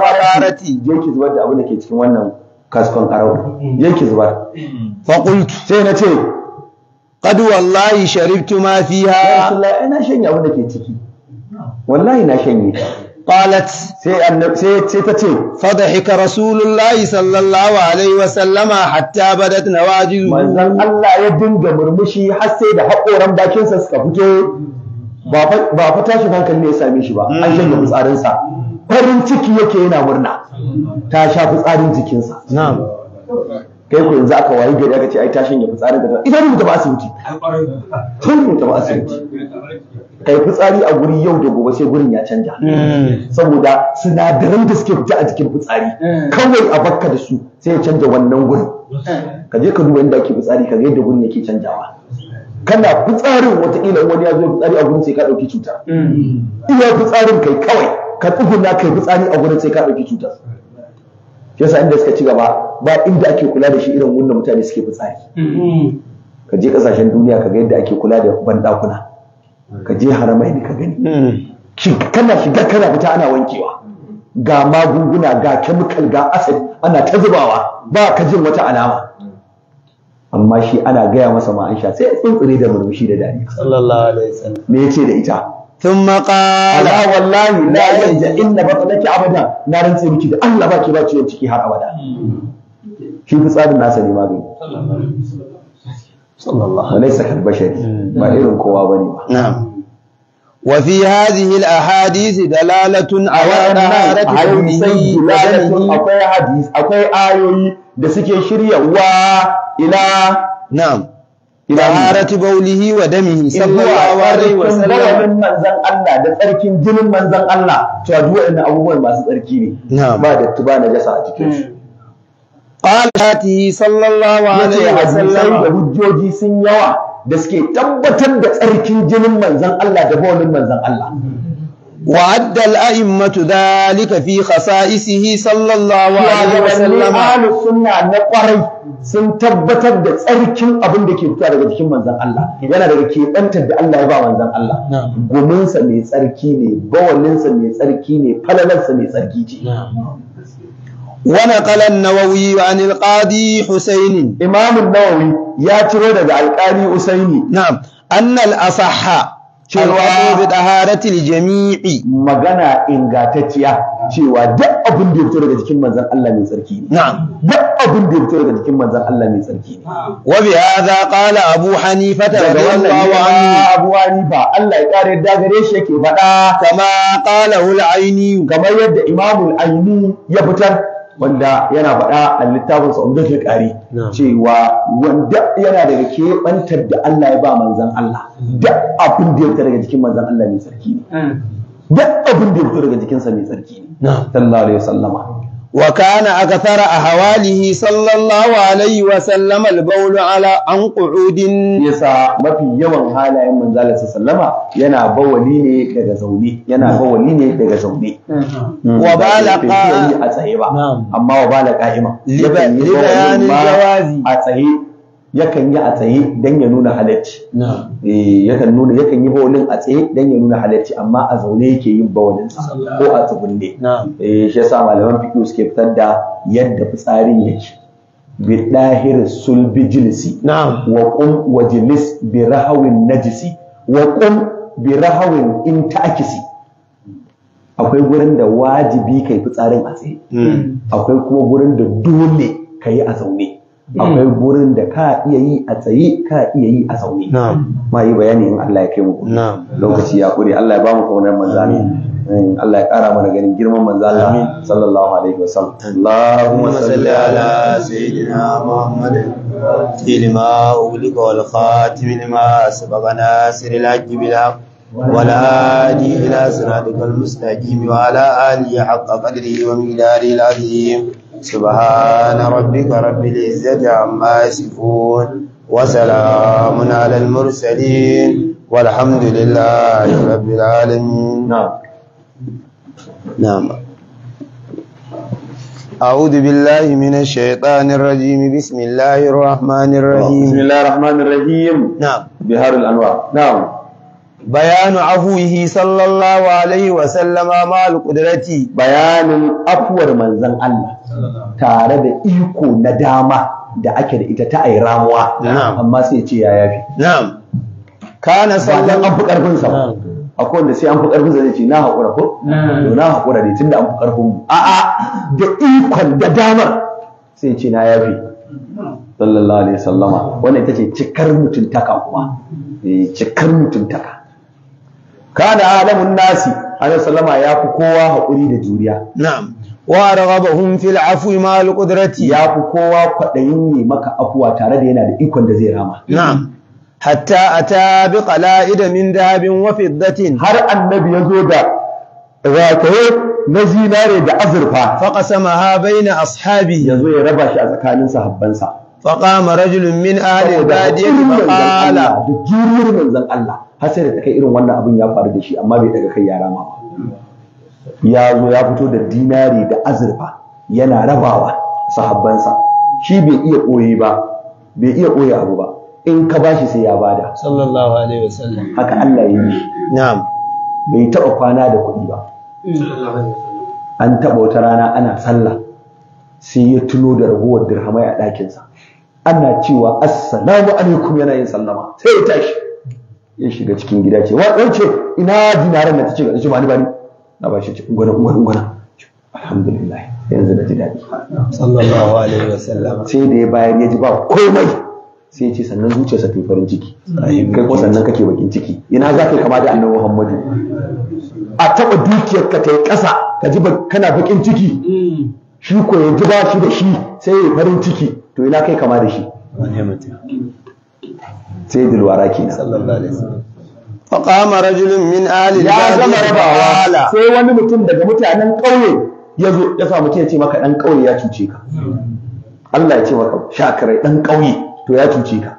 da abin da ke cikin wannan kaskon karau yake mm. zubar mm. faƙultu sai na ce qad wallahi sharibtu ma fiha wallahi ina shanye abin da ke ciki wallahi na shanye qalat sai annab sai ta ce fadhika rasulullahi sallallahu alaihi wa sallama hatta badat nawajizu manzon Allah ya dinga murmushi har sai da hakoran bakin sa suka fito ba fa tashi hankali ne ya same shi ba an shanye mutsarin sa farin ciki yake yana murna ta sha fitsarin jikinsa kai ku yanzu aka wayi gari aka ce ai tashin ya fitsarin da ita ne ta ba asibiti tun ta ba asibiti kai fitsari a guri yau da gobe sai gurin ya canja hmm. saboda sinadaran da suke fita a cikin fitsari hmm. kawai a bakka da su sai ya canja wannan gurin hmm. ka je ka duba inda ake fitsari ka ga yadda gurin yake canjawa kana fitsarin wataƙila wani ya zo fitsari a gurin sai ka ɗauki cuta iya fitsarin kai kawai ka tsuguna kai fitsari a gurin sai ka ɗauki cutar shi yasa inda suka ci gaba ba inda ake kula da shi irin wannan mutane suke fitsari hmm. ka je kasashen duniya ka ga yadda ake kula da banɗakuna ka je haramai ne ka gani hmm. kana shiga kana fita ana wankewa ga magunguna ga chemical ga acid ana ta zubawa ba ka jin wata alama amma shi ana gaya masa ma'ansha sai tsuntsuri da murmushi da dariya sallallahu alaihi wasallam me yace da ita ثم قال لا والله لا يرجع ان بطنك ابدا لا رنسي بكي الله باكي باكي يمتكي هار أبدا كيف تصاب الناس اللي ما بين صلى الله عليه وسلم ليس كالبشر ما إيرن كوا بني نعم وفي هذه الاحاديث دلاله على ان حديثي دلالة أقوى حديث اكو آيوي da suke shiryawa ila نعم taharati baulihi wa damihi sallallahu wa manzan Allah da tsarkin jinin manzan Allah to duk waɗannan abubuwan masu tsarki ne ba da tuba a cikin su qala hati sallallahu alaihi wa da hujjoji sun yawa da suke tabbatar da tsarkin jinin manzan Allah da bawlin manzan Allah وعد الأئمة ذلك في خصائصه صلى الله عليه وسلم أهل السنة نقري sun tabbatar da tsarkin abin da ke fita daga jikin manzon Allah yana daga keɓantar da Allah ya ba Allah guminsa mai tsarki ne bawalinsa mai tsarki ne falalarsa mai tsarki ce ونقل النووي عن القاضي حسين إمام النووي يا ترى القاضي حسيني نعم أن الأصحى cewa bi daharatil jami'i magana ingantacciya cewa duk abin da ya fito daga jikin manzon Allah mai tsarki ne na'am duk abin da ya fito daga jikin manzon Allah mai tsarki ne wa bi hadha qala abu hanifa radiyallahu anhu abu hanifa Allah ya kare da gare shi yake faɗa kama qala al-aini kamar yadda imamul aini ya fitar wanda yana faɗa a littafin sa umdatul ƙari. cewa wanda yana daga keɓantar da Allah ya ba manzon Allah duk abin da ya daga jikin manzon Allah mai tsarki ne mm. duk abin da ya fito daga jikinsa mai tsarki ne sallallahu alaihi wasallama وكان أكثر أهواله صلى الله عليه وسلم البول على أنقعود يسا ما في يوم حالا من ذلك سلم ينا بوليني لغزوني ينا بوليني لغزوني زوني أما وبال إما لبيان الجوازي أتهي yakan yi a tsaye don ya nuna halarci. Eh, yakan nuna yakan yi bawalin a tsaye don ya nuna halarci amma a zaune yake yin bawalin ko a tsugunne. Eh, shi yasa malaman fiƙi suke fitar da yadda fitsarin yake. Bi ɗahir sulbi jilisi. Wa wa jilis bi rahawin najisi. Wa kum bi rahawin in ta'akisi. Akwai gurin da wajibi kai fitsarin a tsaye. Hmm. Akwai kuma gurin da dole ka yi a zaune. Hmm. akwai gurin da ka iya yi a tsaye ka iya yi a zaune ma yi bayani in Allah ya kai mu lokaci ya kure Allah ya ba mu kaunar manzali Allah ya kara mana ganin girman manzala sallallahu alaihi wasallam Allahumma salli ala sayyidina Muhammadin لما أغلق والخاتم لما سبق ناصر ila بالحق والهادي إلى صراطك المستقيم وعلى آله wa قدره ومقداره العظيم سبحان ربك رب العزة عما يصفون وسلام على المرسلين والحمد لله رب العالمين نعم نعم أعوذ بالله من الشيطان الرجيم بسم الله الرحمن الرحيم بسم الله الرحمن الرحيم نعم بهار الأنوار نعم بيان عفوه صلى الله عليه وسلم مع القدرة بيان أفور من زن الله tare da iko na dama da ake da ita ta ai ramuwa amma sai ce ya yafi na'am kana sallan an fi karfin sa akwai wanda sai an fi karfin sa zai ce na haƙura ko to na haƙura ne tunda an fi karfin mu a'a da ikon da damar sai ce na yafi sallallahu alaihi sallama wannan ita ce cikar mutuntaka kuma eh, cikar mutuntaka kana alamun nasi alaihi sallama ya fi kowa haƙuri da juriya na'am wa raba fil afwi ma al qudrati ya fi kowa kwadayin yi maka afuwa tare da yana da ikon da zai rama na'am hatta ata bi qala'ida min dhahabin wa fiddatin har annabi yazo da wato na zinare da azurfa faqasamaha baina ashabi yazo ya raba shi a tsakanin sahabbansa qama rajulun min ahli al-badiyati faqala da manzon Allah hasira take da irin wannan abin ya faru da shi amma bai daga kai ya rama ba ya zo ya fito da dinari da azurfa yana rabawa sahabbansa shi bai iya koyi ba bai iya koyi abu ba in ka bashi sai ya bada sallallahu alaihi wasallam haka Allah ya yi na'am bai taba kwana da kuɗi ba an taba wata rana ana sallah sai ya tuno da ragowar dirhamai a ɗakinsa ana cewa assalamu alaikum yana yin sallama sai ya tashi ya shiga cikin gida ce wa ina dinaran da ta ce ga ce ba ni ba ni na ba shi gwanan gwana gwanan alhamdulillah yanzu na ji daɗi sallallahu alaihi wasallam sai da ya bayar ya ji ba komai sai ce sannan zuciyarsa ta farin ciki kai ko sannan kake bakin ciki ina za ka kama da annabi muhammadu a taba dukiyar ka ta yi ƙasa ka ji kana bakin ciki shi ko ya ji ba shi da shi sai ya farin ciki to ina kai kama da shi sai dilwara kenan sallallahu alaihi فقام min alil آل يا زما ربا sai wani mutum daga mutanen ƙauye ya zo ya mutum ya ce maka ɗan ƙauye ya cuce ka Allah ya ce maka shakarai ɗan ƙauye to ya cuce ka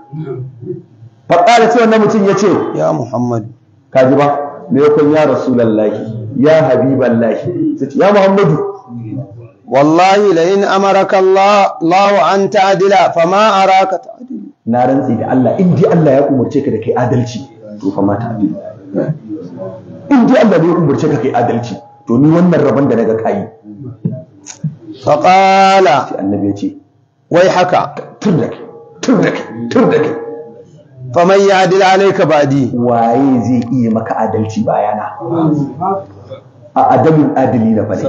faqala sai wannan mutum ya ce ya Muhammad ka ji ba me yakon ya rasulullahi ya habiballahi sai ya Muhammadu wallahi la in amaraka Allah Allahu an ta'dila fama araka ta'dil na rantsi da Allah in dai Allah ya umarce ka da ke adalci to fa mata biyu. Eh. in dai Allah ne ya umurce ka kai adalci to ni wannan rabon da naga kai fa qala sai annabi yace wai haka tun da kai tun da tun da faman ya adil alayka badi waye zai iya maka adalci bayana a adabin adali na bane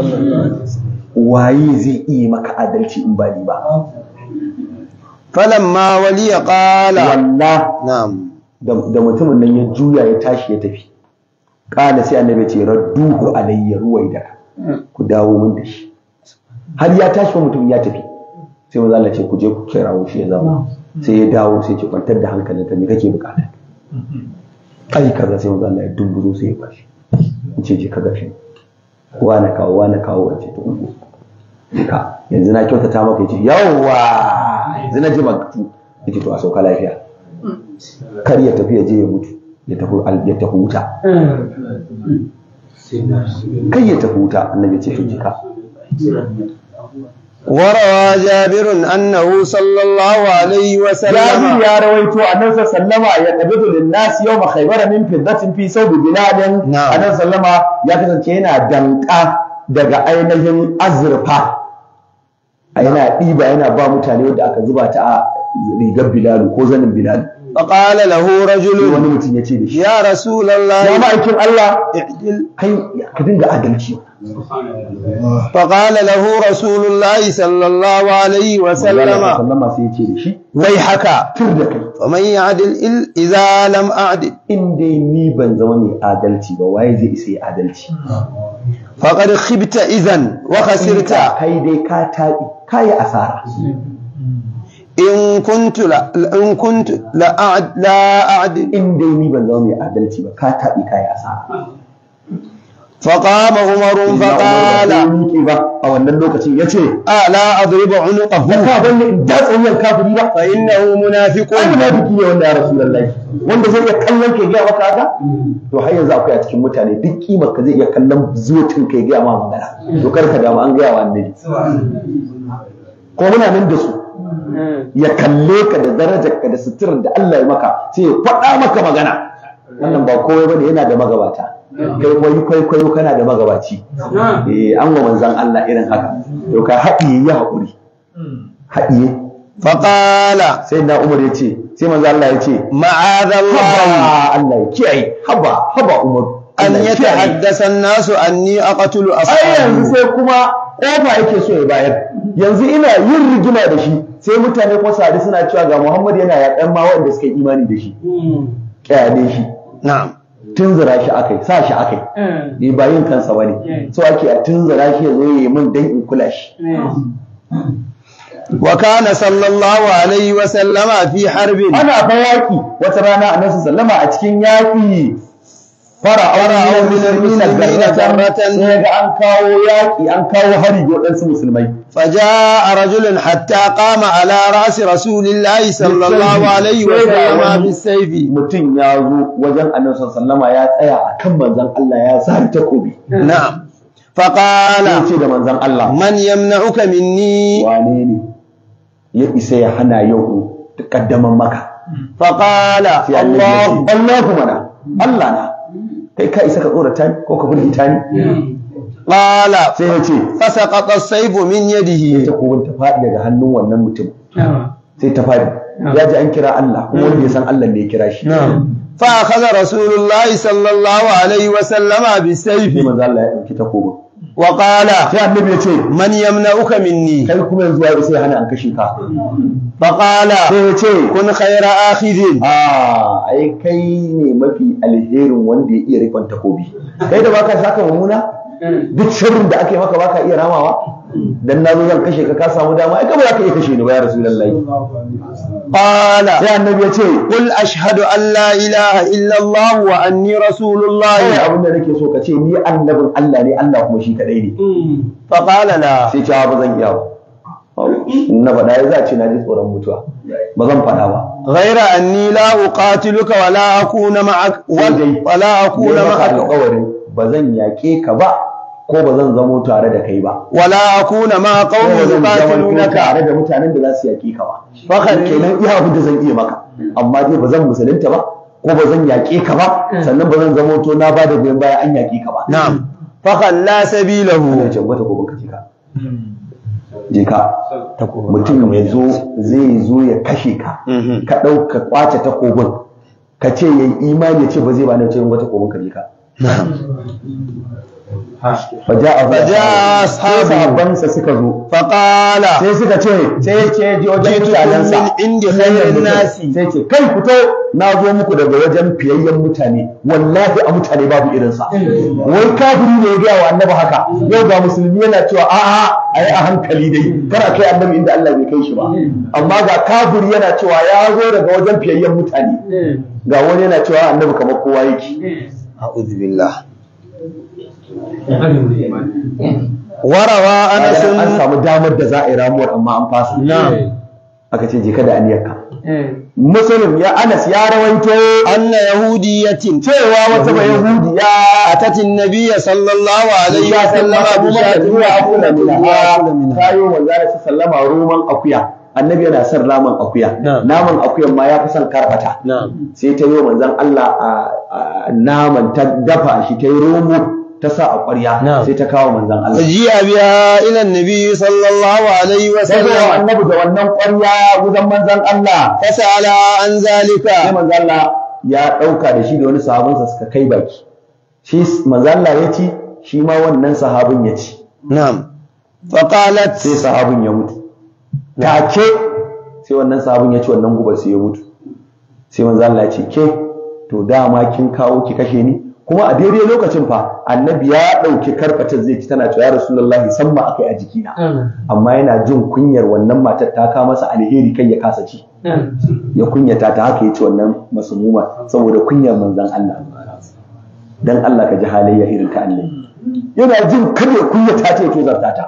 waye zai iya maka adalci in ba ni ba falamma waliya qala wallah na'am da mutumin nan ya juya ya tashi ya tafi kana sai annabi ce radduhu alayya ruwaida ku dawo min da shi har ya tashi mutum ya tafi sai maza Allah ce ku je ku kirawo shi ya zama sai ya dawo sai ce kwantar da ta me kake bukata ai kaza sai maza Allah ya dubburo sai ya bashi in ce je ka gashi wa na kawo wa kawo wace ta ungo yanzu na kyautata maka ce yawwa yanzu na ji magatu ce to a sauka lafiya kar ya tafi ya je ya mutu ya tafi ya tafi wuta kai ya tafi wuta annabi ce jika وروى جابر أنه صلى الله عليه وسلم يا رويت أن صلى الله يقبض للناس يوم خيبر من فضة في ثوب بلاد نعم صلى الله ya kasance yana danka daga ainihin azurfa yana ɗiba yana ba mutane wadda aka zuba ta a rigar bilalu ko zanin bilalu فقال له رجل يا رسول الله يا مالكين الله اعدل كي فقال له رسول الله صلى الله عليه وسلم ويحكى ومن يعدل إذا لم أعدل إن دي نيبا زواني عدلتي ووايزي إسي عدلتي فقد خبت إذن وخسرت كي دي كاتا كاي أثارة in kuntu la in kuntu la a'd in dai ni ban zama mai adalci ba ka tabi kai asa فقام عمر ba. a wannan lokacin yace a la adribu unuqahu ka banne in da tsoyar kafiri ba fa innahu munafiqun ai munafiki ne wanda ya rasulullahi wanda zai iya kallon kai ga maka haka to har yanzu akwai a cikin mutane duk kimar ka zai iya kallon zuwatin kai ga ma magana to kar ka damu an ga wa annabi ko muna nan da su Eh. ya kalle ka da darajar ka da suturar da Allah ya maka sai ya faɗa maka magana wannan ba kowai bane yana da magabata kai kwai kwaikwayo kana da magabaci eh. eh an wa manzon Allah irin haka to ka haɗiye ya haƙuri haɗiye faqala sai da Umar ya ce sai manzon Allah ya ce ma'azallah Allah ya kiyaye haba haba Umar an yata haddasa nasu anni aqtulu ashabi ai yanzu sai kuma kofa ake so ya bayar yanzu ina yin rigima da shi sai mutane ko sadi suna cewa ga Muhammad yana yaƙan ma wanda suka yi imani da shi kyale shi na'am tunzura shi akai sa shi akai mm. ni ba yin kansa bane mm. so ake a tunzura shi yazo yayi min dan in kula shi mm. wa kana sallallahu alaihi wa sallama fi harbin ana bayaki wata rana annabi sallama a cikin yaki fara'au muslimina garratan sai ga an kawo yaki an kawo hari ga wadansu musulmai faja'a rajulun hatta qama ala ra'si rasulillahi sallallahu alaihi wa sallam bisayfi mutun ya zo wajen annabi sallallahu ya tsaya a kan manzon Allah ya sa takobi na'am faqala ce da manzon Allah man yamna'uka minni wane ne ya isa ya hana yau ƙaddaman maka faqala Allah Allah kuma na Allah na kai ka isa ka tsorata ni ko ka burgita ni qala sai ya ce fasaqata as-sayfu min yadihi ta kogon ta fadi daga hannun wannan mutum sai ta fadi ya ji an kira Allah kuma wanda ya san Allah ne ya kira shi fa akhadha rasulullahi sallallahu alaihi wa sallama bi sayfi manzo Allah ya dauki takobin wa qala sai annabi ya ce man uka minni kai kuma yanzu ya sai hana an kashe ka fa qala sai ya ce kun khayra akhidin a ah, ai kai ne mafi alherin wanda ya iya rikon takobi kai da baka saka mamuna duk shirin da ake maka baka iya ramawa dan nazo zan kashe ka ka samu dama ai ka za ka iya kashe ni ba ya rasulullahi qala sai annabi ya ce kul ashhadu an la ilaha illa allah nake so ka ce ni annabin Allah ne Allah kuma shi kadai ne fa sai cewa ba zan iya ba na faɗa ya za ce na ji tsoron mutuwa ba zan faɗa ba ghaira anni la uqatiluka wala akuna ma'ak wala akuna ma'ak ba zan yaƙe ka ba ko ba zan zamo tare da kai ba wala akuna ma qaumin yuqatilunaka tare da mutanen da za su yaƙi ka ba Fakar kenan iya abin da zan iya maka amma dai ba zan musulunta ba ko ba zan yaki ka ba sannan ba zan zamo to na ba da goyon baya an yaki ka ba na'am Fakar la sabilahu ce wata gobe ka jika jika mutum mai zo zai zo ya kashe ka mhm. ka ɗauka kwace takobin ka ce yayi imani ya ce ba zai ba na ce wata gobe ka jika faja a sahabansa suka zo faƙala sai suka ce sai ce ji wajen mutanensa inda khairin nasi sai ce kai fito na zo muku daga wajen fiyayyen mutane wallahi a mutane babu irinsa wai kafiri ne ya gaya wa annabi haka yau ga musulmi yana cewa a'a a yi a hankali dai kana kai annabi inda Allah bai kai shi ba amma ga kafiri yana cewa ya zo daga wajen fiyayyen mutane hmm. ga wani yana cewa annabi kamar kowa yake hmm. a'udhu billah warawa ana sun an samu damar da za a yi ramuwar amma an fasa aka ce jika da aniyarka eh. muslim ya anas ya rawaito anna yahudiyatin cewa wata ba yahudiya atatin nabiyya sallallahu alaihi ah, wa sallama bi shadduwa akuna minha kayo manzara sallama roman akuya annabi yana son raman akuya naman akuyan ma ya fi son karfata sai ta yi manzan Allah a ah, ah, naman ta dafa shi ta yi romo ta sa a ƙwarya sai ta kawo manzon Allah a biya ila nabi sallallahu alaihi wa sallam sai annabi da wannan ƙwarya guzan manzon Allah fa sa'ala an zalika sai manzon Allah ya ɗauka da shi da wani sahabinsa suka kai baki shi manzon Allah ya ci shi ma wannan sahabin ya ci na'am fa sai sahabin ya mutu take sai wannan sahabin ya ci wannan gubar sai ya mutu sai manzon Allah ya ce ke to dama kin kawo ki kashe ni kuma a daidai lokacin fa annabi ya ɗauki karfacin zai ci tana cewa rasulullahi san ma akai a jikina mm. amma yana jin kunyar wannan matar ta ka masa alheri kai ya kasa ci mm. ya kunyata ta haka ya ci wannan masumuma saboda kunyar manzon Allah dan Allah ka ji halayya irin ta Allah yana jin kada kunyata ta yake zarta ta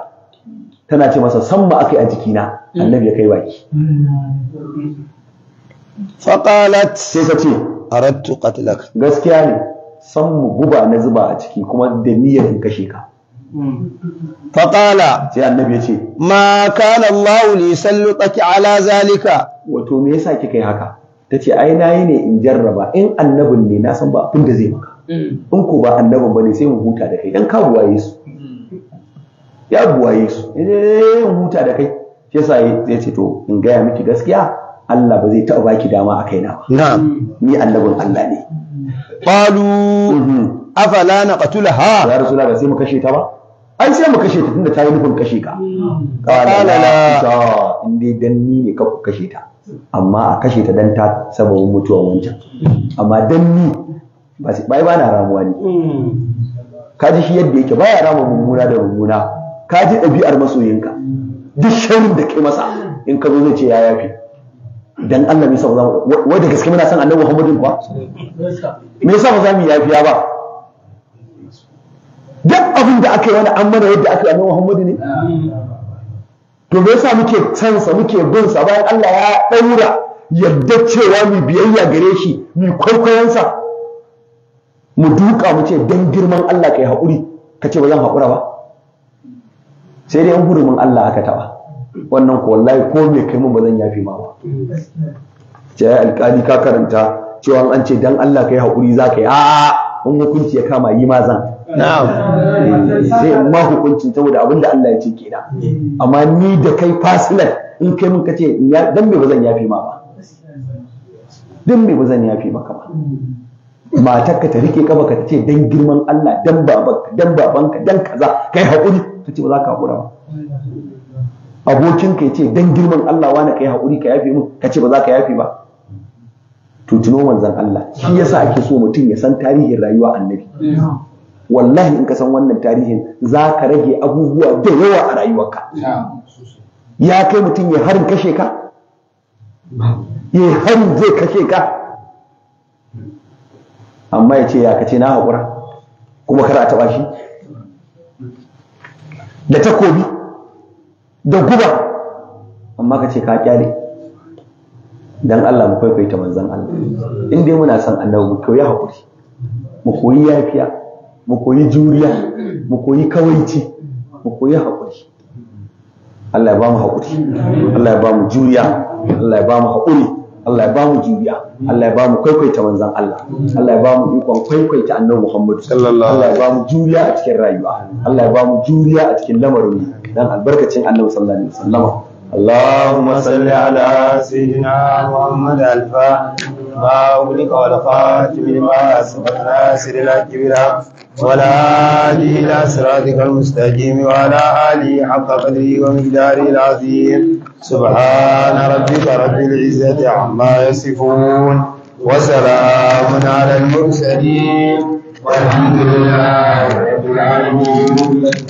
tana ce masa san ma akai a jikina mm. annabi ya kai baki faqalat sai ta ce aradtu qatlak gaskiya ne san mu guba na zuba a ciki kuma da niyyar in kashe ka faƙala sai annabi ya ce ma kana Allah li sallutaki ala zalika wato me yasa kika yi haka tace ai nayi ne in jarraba in annabin ne na san ba abin da zai maka in ko ba annabin bane sai mu huta da kai dan ka buwaye su ya buwaye su eh mu huta da kai shi yasa ya ce to in gaya miki gaskiya Allah ba zai taɓa baki dama a kaina ba ni annabin Allah ne qalu mhm. afala naqtulaha ya rasulullah ba sai mu kashe ta ba ai sai mu kashe ta tunda ta yi nufin kashe ka mm. qala la in dan ni ne ka kashe ta amma a kashe ta dan ta sababin mutuwa wancan amma dan ni ba sai ba na ramuwa ne mm. kaji shi yadda yake baya rama mummuna da mummuna kaji ɗabi'ar masoyinka duk shirin da kai masa in ka zo zai ce ya yafi dan Allah me yasa wai gaske muna san Annabi Muhammadin kuwa me yasa ba za mu yafiya ba duk abin da aka yi wani amana yadda aka yi Annabi Muhammadu ne to me yasa muke cansa muke bin sa bayan Allah ya daura yadda cewa mu biyayya gare shi mu kwaikwayon sa mu duka mu ce dan girman Allah kai hakuri kace ce ba zan haƙura ba sai dai an gurumin Allah aka taba wannan ko wallahi ko me kai mun ba zan yafi ma ba ce alƙali ka karanta cewa an ce dan Allah kai haƙuri za ka yi a'a in hukunci ya kama yi ma zan zai eh, ma hukuncin saboda abin da Allah ya ce kenan amma ni da kai fasilan in kai mun kace dan me ba zan yafi ma ba dan me ba zan yafe maka ba ka ta rike ka ka ce dan girman Allah dan babanka dan babanka dan kaza kai haƙuri ta ce ba za ka haƙura ba abokinka ka ce dan girman Allah wani yi haƙuri ka yafe min ka ce ba za ka yafe ba to tuno Allah shi yasa ake so mutum ya san tarihin rayuwa annabi wallahi in ka san wannan tarihin za ka rage abubuwa da yawa a rayuwarka ya kai mutum ya harin kashe ka ya harin zai kashe ka amma ya ce ya kace na haƙura kuma kar a taɓa shi da takobi da guba amma ka ce ka kyale dan Allah mu ta manzon Allah in dai muna son Allah mu koyi hakuri mu koyi yafiya mu koyi juriya mu koyi kawaici mu koyi hakuri Allah ya ba mu hakuri Allah ya ba mu juriya Allah ya ba mu hakuri Allah ya ba mu juriya Allah ya ba mu kwaikwaita manzon Allah Allah ya ba mu ikon kwaikwaita annabi Muhammad sallallahu alaihi Allah ya ba mu juriya a cikin rayuwa Allah ya ba mu juriya a cikin lamarin mu dan albarkacin annabi sallallahu alaihi wasallam اللهم صل على سيدنا محمد الفا ما أغلق والخاتم لما أسبق ناصر الكبرى ولا هادي إلى صراطك المستقيم وعلى آله حق قدره ومقداره العظيم سبحان ربك رب العزة عما يصفون وسلام على المرسلين والحمد لله رب العالمين